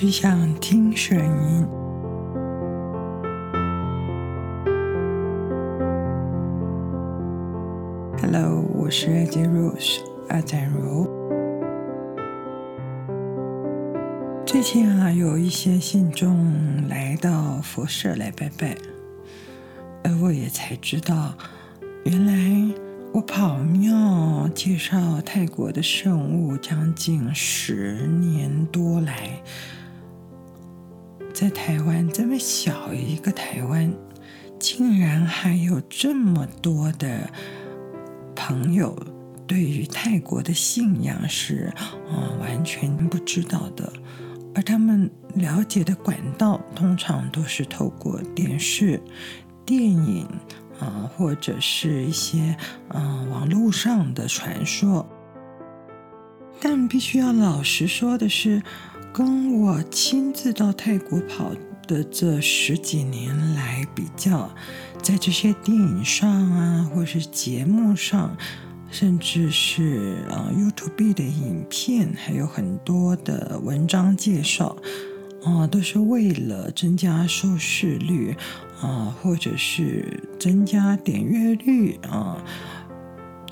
只想聽聲音。Hello，我是 Ajirush，阿展如，最近啊，有一些信眾來到佛舍來拜拜，而我也才知道，原來我跑廟介紹泰國的聖物將近十年多來。在台灣，這麼小一個台灣，竟然還有這麼多的朋友對於泰國的信仰是啊、呃，完全不知道的，而他們了解的管道通常都是透過電視、電影啊、呃，或者是一些啊網絡上的傳說。但必須要老實說的是。跟我親自到泰國跑的這十幾年來比較，在這些電影上啊，或是節目上，甚至是啊 YouTube 的影片，還有很多的文章介紹啊，都是為了增加收視率啊，或者是增加點閱率啊，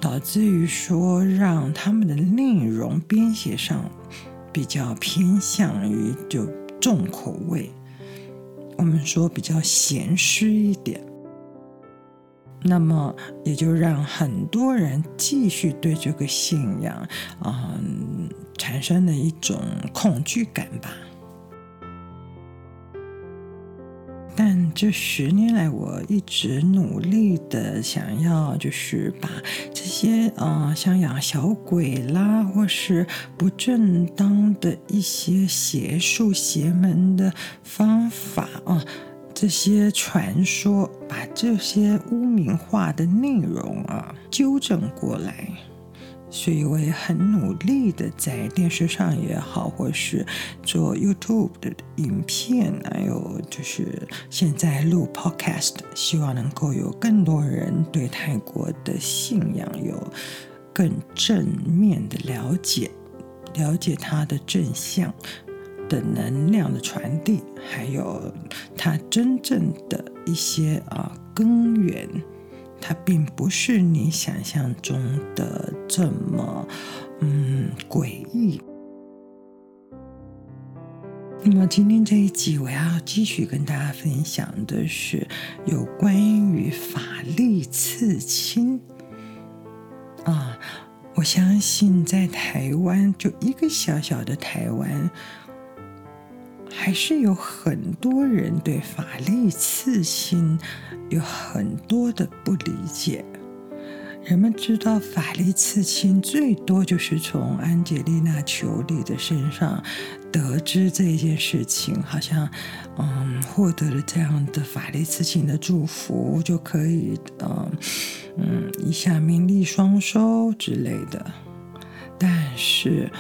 導致於說讓他們的內容編寫上，比較偏向於就重口味，我們說比較鹹濕一點，那麼也就讓很多人繼續對這個信仰、呃、產生了一種恐懼感吧。但這十年來，我一直努力的想要，就是把這些啊、呃，像養小鬼啦，或是不正當的一些邪術、邪門的方法啊、呃，這些傳說，把這些污名化的內容啊，糾正過來。所以，我也很努力的在電視上也好，或是做 YouTube 的影片，還有就是現在錄 Podcast，希望能夠有更多人對泰國的信仰有更正面的了解，了解它的正向的能量的傳遞，還有它真正的一些啊根源。它並不是你想象中的這麼，嗯，詭異。那、嗯、麼今天這一集我要繼續跟大家分享的是有關於法力刺青。啊、嗯，我相信在台灣，就一個小小的台灣。還是有很多人對法力刺青有很多的不理解。人們知道法力刺青最多就是從安潔莉娜裘莉的身上得知這件事情，好像嗯獲得了這樣的法力刺青的祝福就可以嗯嗯，一下名利雙收之類的，但是。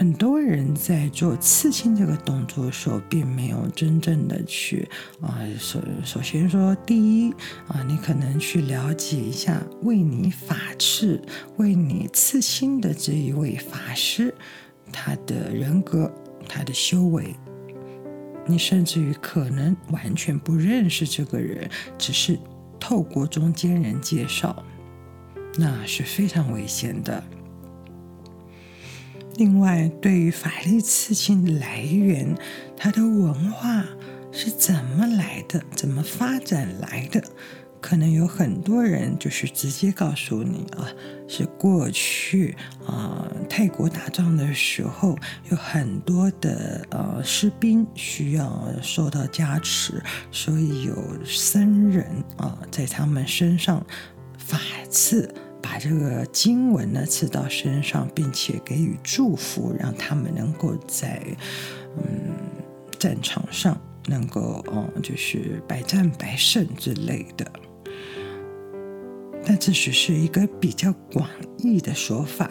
很多人在做刺青這個動作的時候，並沒有真正的去啊，首首先說，第一啊，你可能去了解一下為你法刺、為你刺青的這一位法師，他的人格、他的修為，你甚至於可能完全不認識這個人，只是透過中間人介紹，那是非常危險的。另外，對於法力刺青的來源，它的文化是怎麼來的，怎麼發展來的？可能有很多人就是直接告訴你啊，是過去啊、呃、泰國打仗的時候，有很多的呃士兵需要受到加持，所以有僧人啊、呃、在他們身上法刺。把這個經文呢刺到身上，並且給予祝福，讓他們能夠在嗯戰場上能夠嗯就是百戰百勝之類的。但這只是一個比較廣義的說法。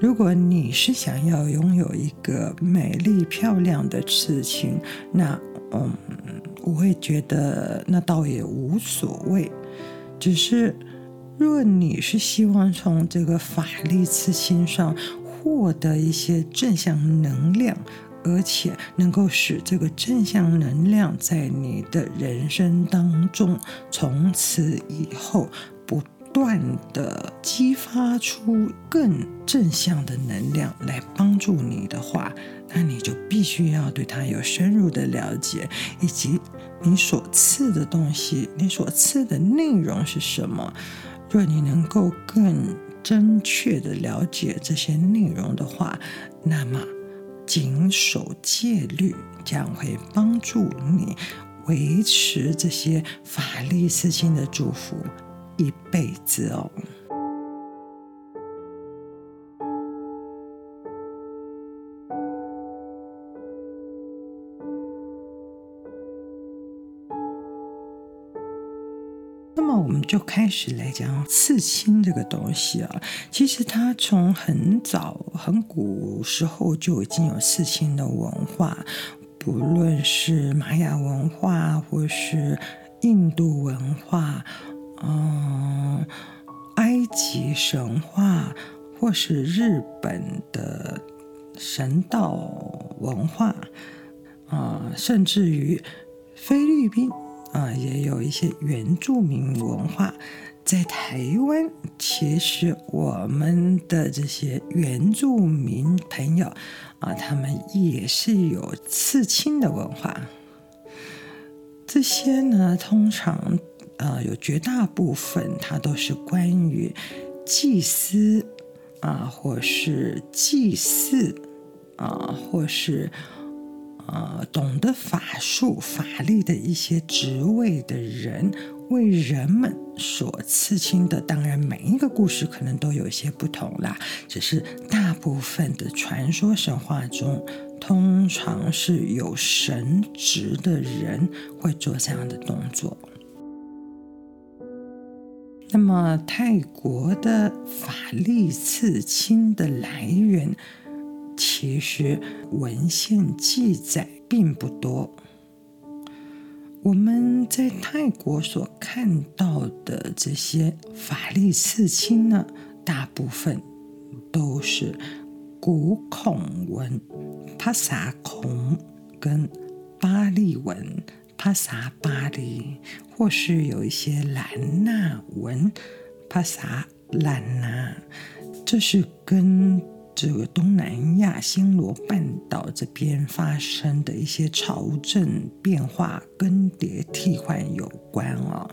如果你是想要擁有一個美麗漂亮的刺青，那嗯我會覺得那倒也無所謂，只是。若你是希望從這個法力刺青上獲得一些正向能量，而且能夠使這個正向能量在你的人生當中從此以後不斷地激發出更正向的能量來幫助你的話，那你就必須要對它有深入的了解，以及你所刺的東西、你所刺的內容是什麼。若你能夠更準確的了解這些內容的話，那麼謹守戒律將會幫助你維持這些法力刺青的祝福一輩子哦。我們就開始來講刺青這個東西啊。其實它從很早很古時候就已經有刺青的文化，不論是瑪雅文化或是印度文化，嗯、呃，埃及神話或是日本的神道文化，啊、呃，甚至於菲律賓。啊，也有一些原住民文化，在台灣，其實我們的這些原住民朋友啊，他們也是有刺青的文化。這些呢，通常啊，有絕大部分它都是關於祭司啊，或是祭祀啊，或是。呃，懂得法術法力的一些職位的人，為人們所刺青的，當然每一個故事可能都有一些不同啦。只是大部分的傳說神話中，通常是有神職的人會做這樣的動作。那麼，泰國的法力刺青的來源？其實文獻記載並不多。我們在泰國所看到的這些法力刺青呢，大部分都是古孔文帕薩孔跟巴利文帕薩巴利，或是有一些蘭納文帕薩蘭納，這、就是跟。這個東南亞新羅半島這邊發生的一些朝政變化、更迭、替換有關啊，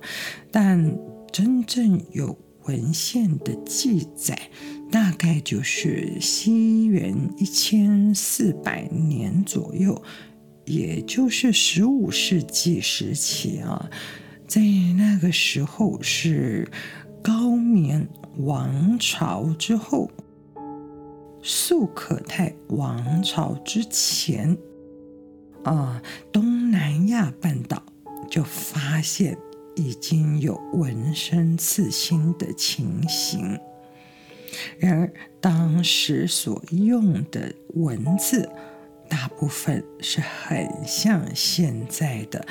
但真正有文獻的記載，大概就是西元一千四百年左右，也就是十五世紀時期啊，在那個時候是高棉王朝之後。素可泰王朝之前，啊、呃，東南亞半島就發現已經有紋身刺青的情形。然而，當時所用的文字大部分是很像現在的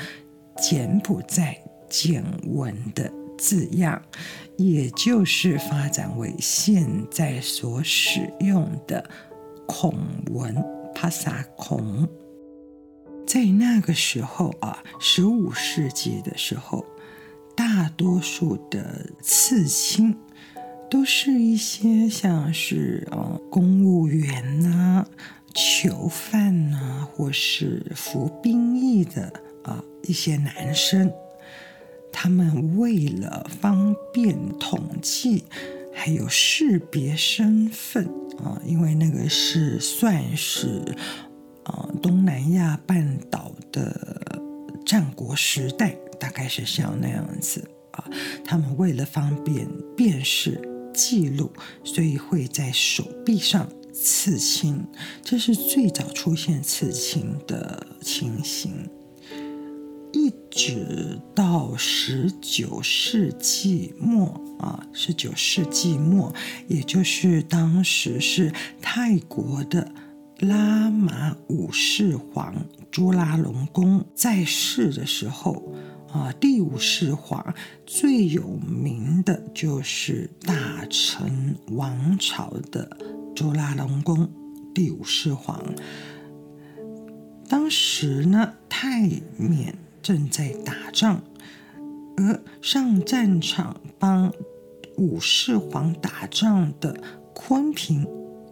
柬埔寨簡文的。字樣，也就是發展為現在所使用的孔文，帕薩孔。在那個時候啊，十五世紀的時候，大多數的刺青都是一些像是呃公務員吶、啊、囚犯吶、啊，或是服兵役的啊、呃、一些男生。他們為了方便統計，還有識別身份啊，因為那個是算是啊東南亞半島的戰國時代，大概是像那樣子啊。他們為了方便辨識記錄，所以會在手臂上刺青，這是最早出現刺青的情形。一直到十九世紀末啊，十九世紀末，也就是當時是泰國的拉瑪五世皇朱拉隆功在世的時候啊，第五世皇最有名的就是大臣王朝的朱拉隆功第五世皇。當時呢，泰緬。正在打仗，而上戰場幫武士皇打仗的昆平、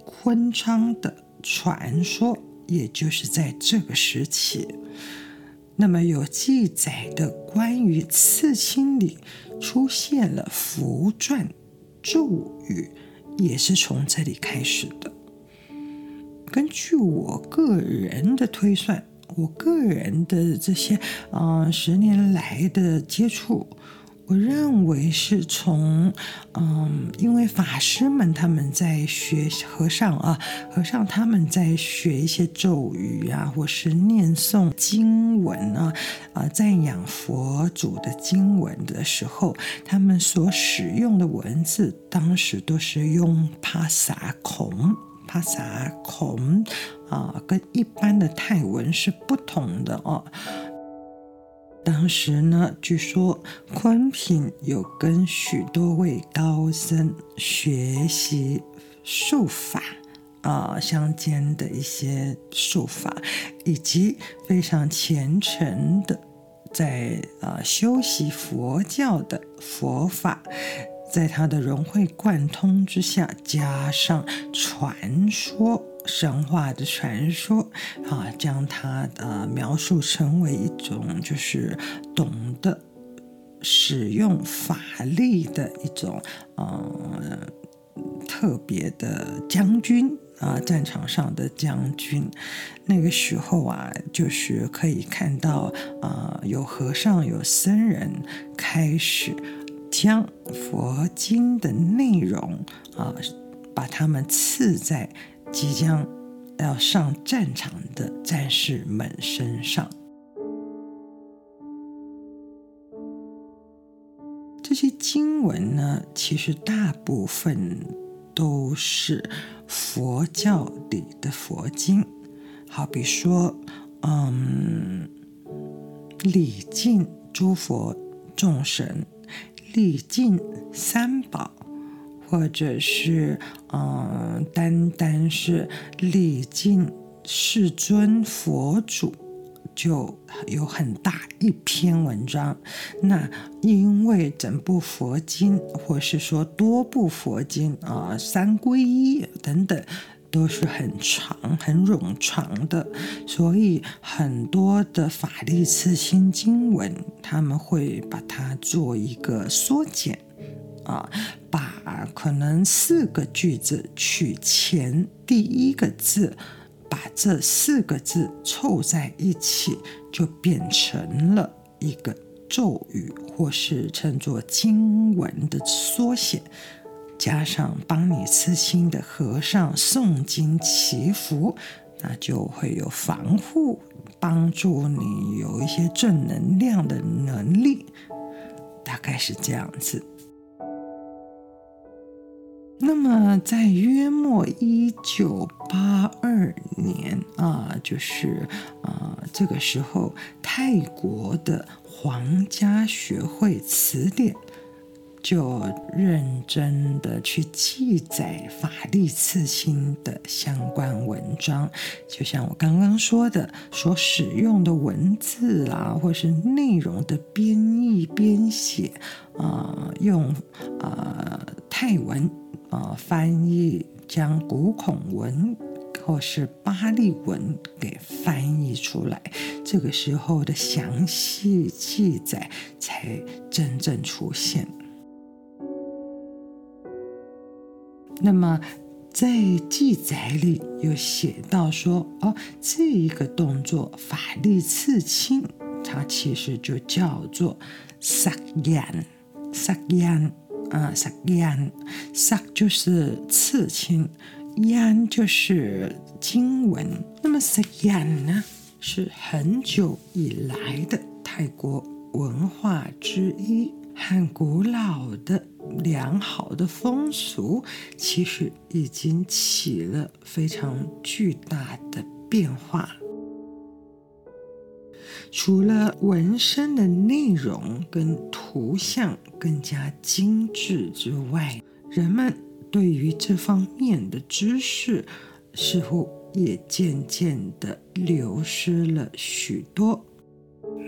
昆昌的傳說，也就是在這個時期。那麼有記載的關於刺青裡出現了符篆、咒語，也是從這裡開始的。根據我個人的推算。我個人的這些，嗯、呃，十年來的接觸，我認為是從，嗯、呃，因為法師們他們在學和尚啊，和尚他們在學一些咒語啊，或是念誦經文呢，啊，啊，讚揚佛祖的經文的時候，他們所使用的文字，當時都是用帕薩孔。帕薩孔啊，跟一般的泰文是不同的哦。當時呢，據說坤平有跟許多位高僧學習術法啊，相間的一些術法，以及非常虔誠的在啊修習佛教的佛法。在他的融會貫通之下，加上傳說、神話的傳說，啊，將他的、呃、描述成為一種就是懂得使用法力的一種嗯、呃、特別的將軍啊、呃，戰場上的將軍。那個時候啊，就是可以看到啊、呃，有和尚、有僧人開始。將佛經的內容啊，把它們刺在即將要上戰場的戰士們身上。這些經文呢，其實大部分都是佛教裡的佛經，好比說，嗯，禮敬諸佛、眾神。禮敬三寶，或者是嗯、呃，單單是禮敬世尊佛祖，就有很大一篇文章。那因為整部佛經，或是說多部佛經啊、呃，三皈依等等。都是很長、很冗長的，所以很多的法力刺青經文，他們會把它做一個縮減，啊，把可能四個句子取前第一個字，把這四個字湊在一起，就變成了一個咒語，或是稱作經文的縮寫。加上幫你刺青的和尚誦經祈福，那就會有防護，幫助你有一些正能量的能力，大概是這樣子。那麼，在約莫一九八二年啊，就是啊，這個時候，泰國的皇家學會詞典。就認真的去記載法力刺青的相關文章，就像我剛剛說的，所使用的文字啊，或是內容的編譯編寫啊，用啊、呃、泰文啊、呃、翻譯，將古孔文或是巴利文給翻譯出來，這個時候的詳細記載才真正出現。那麼，在記載裡有寫到說，哦，這一個動作法力刺青，它其實就叫做“殺眼”，“殺眼”，啊，“殺眼”，“殺”就是刺青，“眼”就是經文。那麼“殺眼”呢，是很久以來的泰國文化之一。很古老的、良好的風俗，其實已經起了非常巨大的變化。除了紋身的內容跟圖像更加精緻之外，人們對於這方面的知識，似乎也漸漸的流失了許多。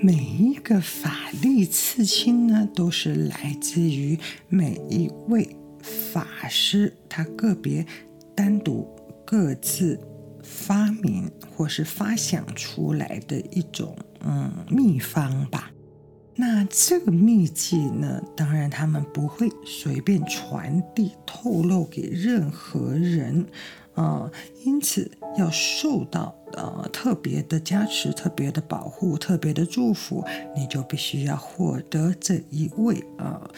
每一個法力刺青呢，都是來自於每一位法師他個別單獨各自發明或是發想出來的一種嗯秘方吧。那這個秘技呢，當然他們不會隨便傳遞透露給任何人。啊、嗯，因此要受到啊、呃、特別的加持、特別的保護、特別的祝福，你就必須要獲得這一位啊、呃、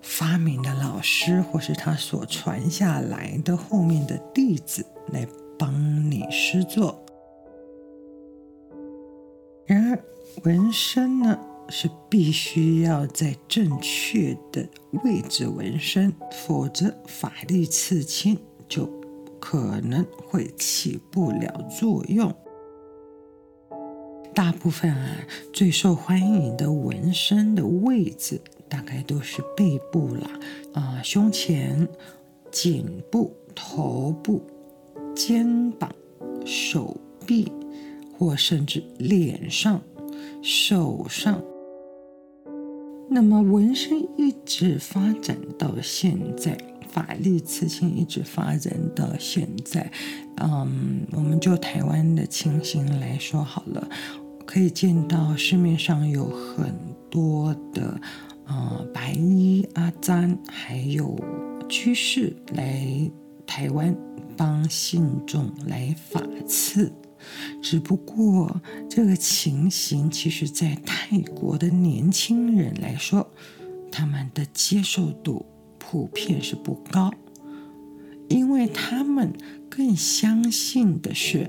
發明的老師，或是他所傳下來的後面的弟子來幫你施作。然而紋身呢，是必須要在正確的位置紋身，否則法力刺青就。可能會起不了作用。大部分啊，最受歡迎的紋身的位置，大概都是背部了，啊、呃，胸前、頸部、頭部、肩膀、手臂，或甚至臉上、手上。那麼，紋身一直發展到現在。法力刺青一直發展到現在，嗯，我們就台灣的情形來說好了，可以見到市面上有很多的，呃，白衣阿贊還有居士來台灣幫信眾來法刺，只不過這個情形其實，在泰國的年輕人來說，他們的接受度。普遍是不高，因為他們更相信的是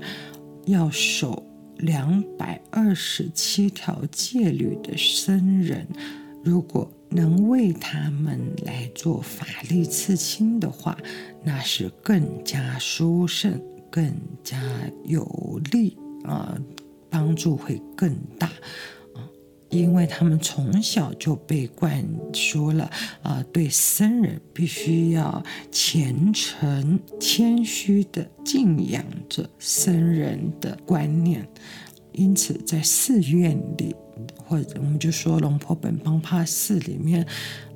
要守兩百二十七條戒律的僧人，如果能為他們來做法力刺青的話，那是更加殊勝、更加有力啊，呃，幫助會更大。因為他們從小就被灌輸了啊、呃，對僧人必須要虔誠、謙虛的敬仰着僧人的觀念，因此在寺院裡，或者我們就說龍婆本邦帕寺裡面，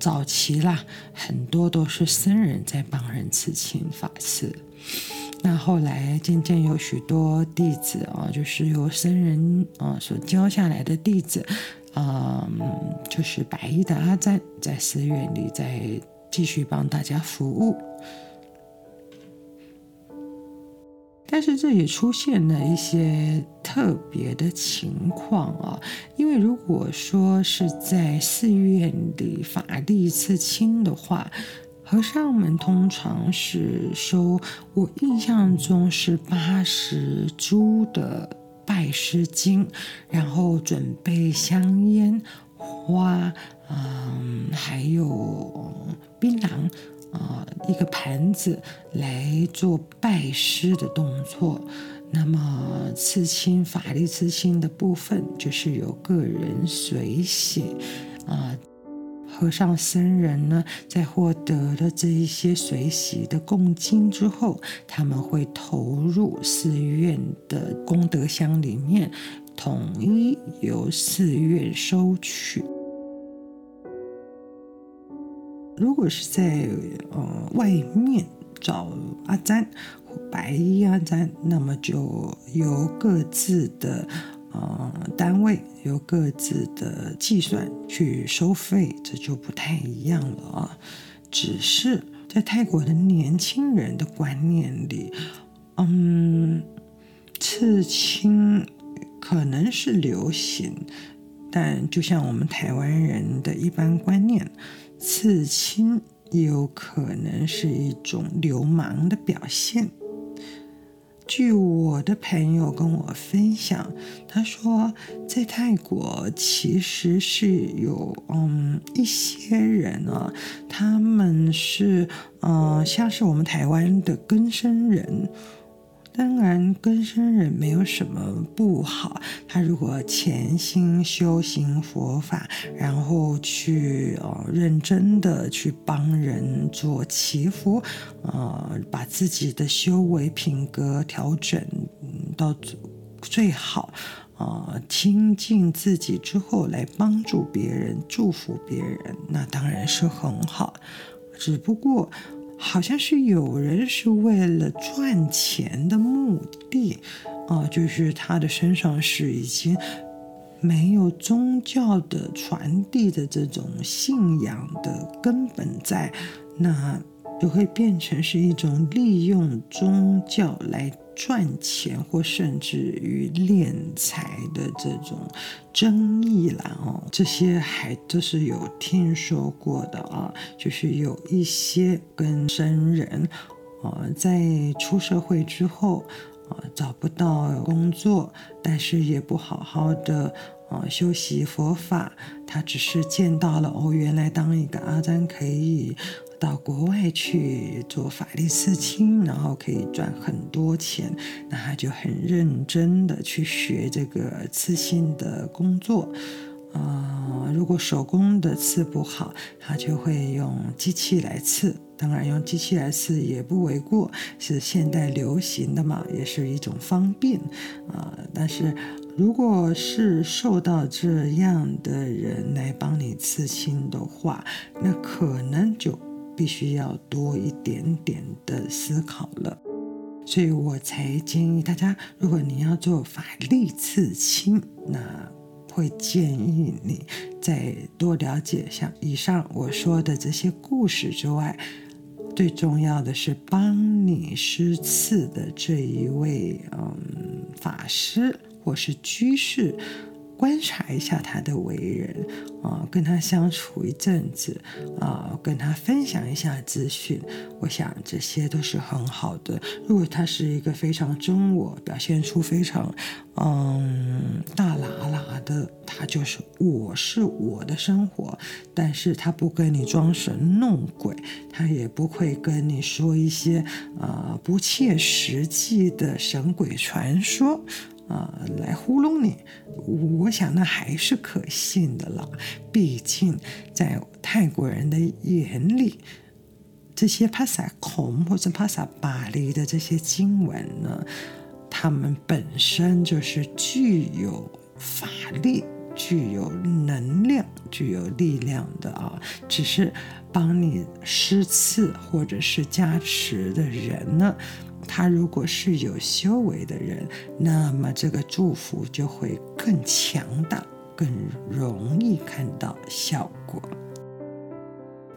早期啦，很多都是僧人在幫人刺青法事。那後來漸漸有許多弟子啊、呃，就是由僧人啊、呃、所教下來的弟子。嗯、um，就是白衣的阿贊在寺院裡在繼續幫大家服務，但是這也出現了一些特別的情況啊。因為如果說是在寺院裡法力刺青的話，和尚們通常是收，我印象中是八十銖的。拜師經，然後準備香煙、花，嗯、呃，還有檳榔，啊、呃，一個盤子，來做拜師的動作。那麼刺青、法力刺青的部分，就是由個人隨喜，啊、呃。和尚、僧人呢，在獲得了這一些隨喜的供金之後，他們會投入寺院的功德箱裡面，統一由寺院收取。如果是在呃外面找阿贊、白衣阿贊，那麼就由各自的。呃，單位由各自的計算去收費，這就不太一樣了啊。只是在泰國的年輕人的觀念裡，嗯，刺青可能是流行，但就像我們台灣人的一般觀念，刺青也有可能是一種流氓的表現。據我的朋友跟我分享，他說在泰國其實是有嗯一些人啊，他們是嗯像是我們台灣的更生人。當然，更生人沒有什麼不好。他如果潛心修行佛法，然後去呃、哦、認真的去幫人做祈福，呃把自己的修為品格調整到最好，呃清淨自己之後來幫助別人、祝福別人，那當然是很好。只不過。好像是有人是為了賺錢的目的，啊，就是他的身上是已經沒有宗教的傳遞的這種信仰的根本在，那就會變成是一種利用宗教來。賺錢或甚至於斂財的這種爭議啦，哦，這些還都是有聽說過的啊，就是有一些更生人，啊、呃，在出社會之後，啊、呃，找不到工作，但是也不好好的啊修習佛法，他只是見到了哦、原來當一個阿詹、啊、可以。到國外去做法力刺青，然後可以賺很多錢。那他就很認真的去學這個刺青的工作。啊、呃，如果手工的刺不好，他就會用機器來刺。當然，用機器來刺也不為過，是現代流行的嘛，也是一種方便啊、呃。但是，如果是受到這樣的人來幫你刺青的話，那可能就。必須要多一點點的思考了，所以我才建議大家，如果你要做法力刺青，那會建議你再多了解一下以上我說的這些故事之外，最重要的是幫你施刺的這一位嗯法師或是居士。觀察一下他的為人，啊，跟他相處一陣子，啊，跟他分享一下資訊，我想這些都是很好的。如果他是一個非常真我，表現出非常，嗯，大喇喇的，他就是我是我的生活，但是他不跟你裝神弄鬼，他也不會跟你說一些啊不切實際的神鬼傳說。啊，來糊弄你，我想那還是可信的了。畢竟在泰國人的眼裡，這些帕薩孔或者帕薩巴利的這些經文呢，他們本身就是具有法力、具有能量、具有力量的啊。只是幫你施刺或者是加持的人呢。他如果是有修為的人，那麼這個祝福就會更強大，更容易看到效果。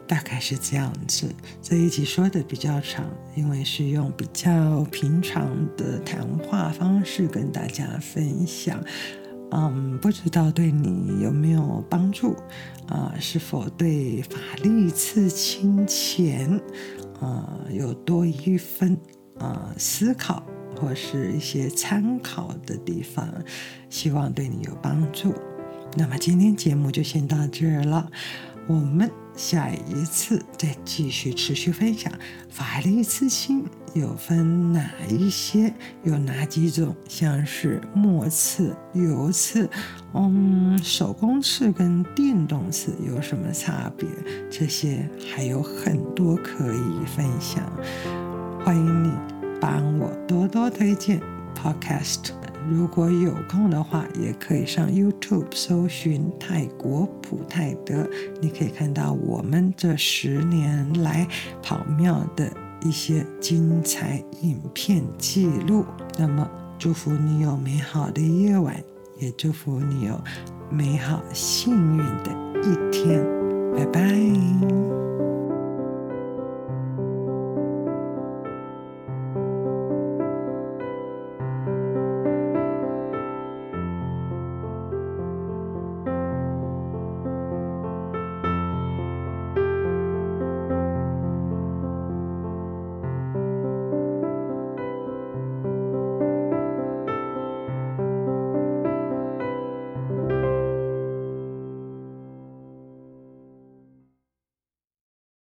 大概是這樣子。這一集說的比較長，因為是用比較平常的談話方式跟大家分享。嗯，不知道對你有沒有幫助啊？是否對法力、刺青錢？啊有多一分？呃，思考或是一些參考的地方，希望對你有幫助。那麼今天節目就先到這兒了，我們下一次再繼續持續分享。法力刺青有分哪一些？有哪幾種？像是墨刺、油刺，嗯，手工刺跟電動刺有什麼差別？這些還有很多可以分享。歡迎你幫我多多推薦 Podcast，如果有空的話，也可以上 YouTube 搜尋泰國普泰德，你可以看到我們這十年來跑廟的一些精彩影片記錄。那麼祝福你有美好的夜晚，也祝福你有美好幸運的一天。拜拜。